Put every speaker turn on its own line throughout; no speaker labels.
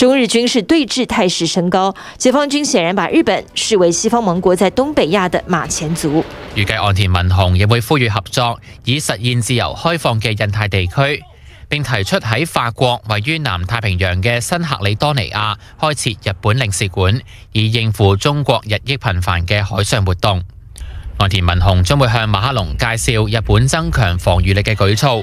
中日軍事對峙態勢升高，解放軍顯然把日本視為西方盟國在東北亞的馬前卒。
預計岸田文雄也會呼籲合作，以實現自由開放嘅印太地區，並提出喺法國位於南太平洋嘅新喀里多尼亞開設日本領事館，以應付中國日益頻繁嘅海上活動。岸田文雄將會向馬克龍介紹日本增強防禦力嘅舉措。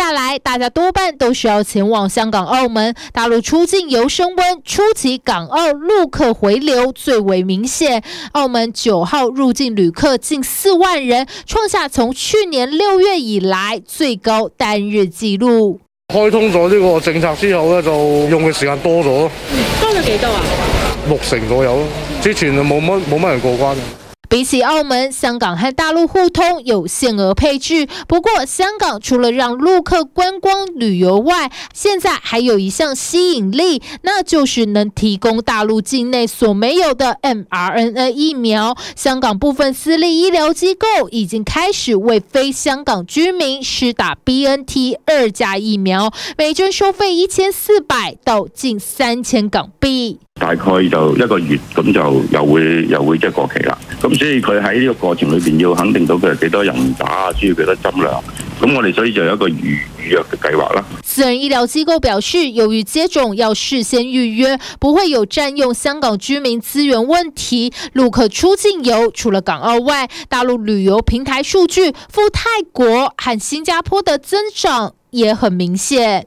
下來，大家多半都需要前往香港、澳門，大陸出境遊升温，初期港澳陸客回流最為明顯。澳門九號入境旅客近四萬人，創下從去年六月以來最高單日紀錄。開通咗呢
個政策之後呢，就用嘅時間多咗，嗯，
多
咗幾多
啊？六成左右。
之前就冇乜冇乜人過關。
比起澳門、香港和大陸互通有限額配置，不過香港除了讓陸客觀光旅遊外，現在還有一項吸引力，那就是能提供大陸境內所沒有的 mRNA 疫苗。香港部分私立醫療機構已經開始為非香港居民施打 BNT 二價疫苗，每針收費一千四百到近三千港幣，
大概就一個月咁就又會又會即係過期啦。咁所以佢喺呢個過程裏邊要肯定到佢係幾多人打，需要幾多針量。咁我哋所以就有一個預預約嘅計劃啦。
私人醫療機構表示，由於接種要事先預約，不會有佔用香港居民資源問題，陸客出境遊除了港澳外，大陸旅遊平台數據赴泰國和新加坡的增長也很明顯。